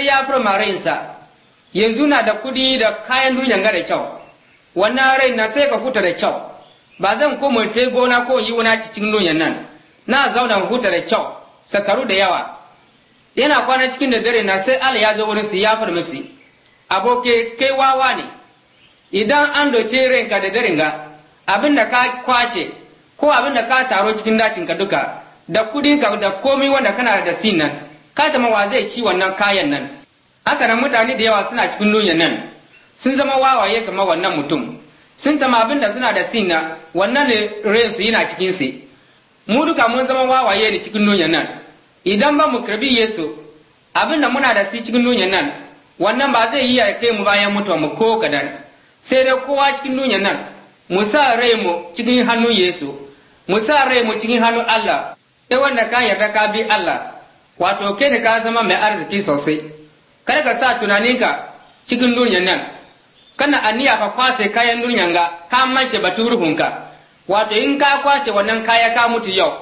sai ya ma rainsa yanzu na da kuɗi da kayan dunyan ga da kyau wannan rai na sai ka huta da kyau ba zan koma ta gona ko yi wani cikin dunyan nan na zauna mu huta da kyau sakaru da yawa yana kwana cikin da dare na sai Allah ya zo wurin su ya fara musu aboke kai wawa ne idan an doke ranka da dare ga abin da ka kwashe ko abin da ka taro cikin dacin ka duka da kudin ka da komai wanda kana da sin nan ka zama wa zai ci wannan kayan nan haka nan mutane da yawa suna cikin dunya nan sun zama wawaye kamar wannan mutum sun tama abin da suna da sina wannan ne rensu yana cikin su mu duka mun zama wawaye ne cikin dunya nan idan ba mu karbi Yesu abin da muna da su cikin dunya nan wannan ba zai yi ya kai mu bayan mutuwa mu ko kadan sai dai kowa cikin dunya nan mu sa rai mu cikin hannun Yesu mu sa rai mu cikin hannun Allah sai wanda ka yarda ka bi Allah wato ke da ka zama mai arziki sosai kada ka sa tunanin ka cikin duniyan nan kana aniya ka kwashe kayan duniyan ga ka mace batu ruhunka wato in ka kwashe wannan kaya ka mutu yau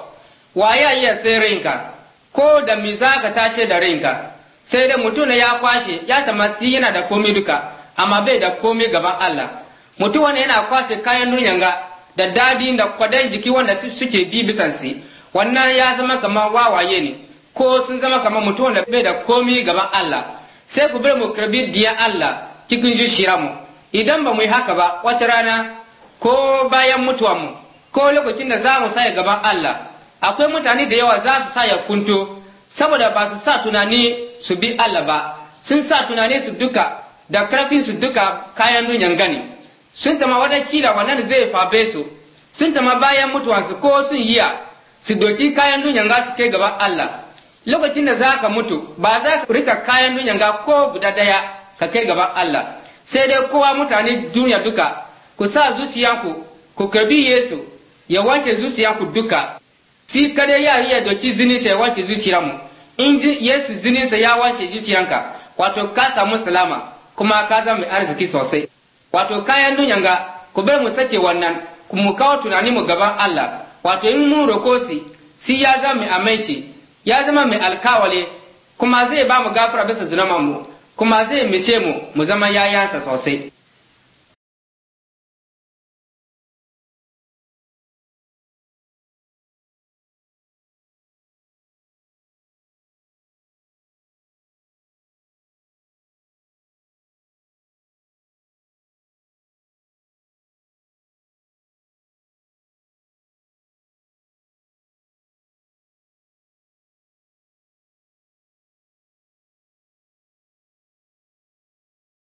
waye ya sai rinka ko da mi za ka tashe da rinka sai da mutum ya kwashe ya tamasi yana da komai duka amma bai da komai gaban Allah mutum wani yana kwashe kayan duniyan ga da dadi da kwadan jiki wanda suke bi bisansi wannan ya zama kamar wawaye ne ko sun zama kamar mutum da bai da komi gaban Allah sai ku bar mu karbi diya Allah cikin zuciya mu idan ba mu yi haka ba wata rana ko bayan mutuwa mu ko lokacin da za mu saya gaban Allah akwai mutane da yawa za su ya kunto saboda ba su sa tunani su bi Allah ba sun sa tunani su duka da karfin su duka kayan dunyan gani sun tama wata kila wannan zai fabe su sun tama bayan mutuwansu ko sun yiya su doki kayan dunyan ga su kai gaban Allah lokacin da za ka mutu ba za ka rika kayan duniya ga ko guda daya ka kai gaban Allah sai dai kowa mutane duniya duka ku sa zuciyanku ku karbi Yesu ya zuciya zuciyanku duka shi kada ya yi iya doki zininsa ya zuciya mu in Yesu sai ya wanke zuciyanka wato ka samu salama kuma ka zama arziki sosai wato kayan duniya ga ku bar mu sake wannan mu kawo tunani mu gaban Allah wato in mun roko si ya zama mai ya zama mai alkawale kuma zai ba mu gafara bisa zunamanmu kuma zai mishe mu mu zama yayansa sosai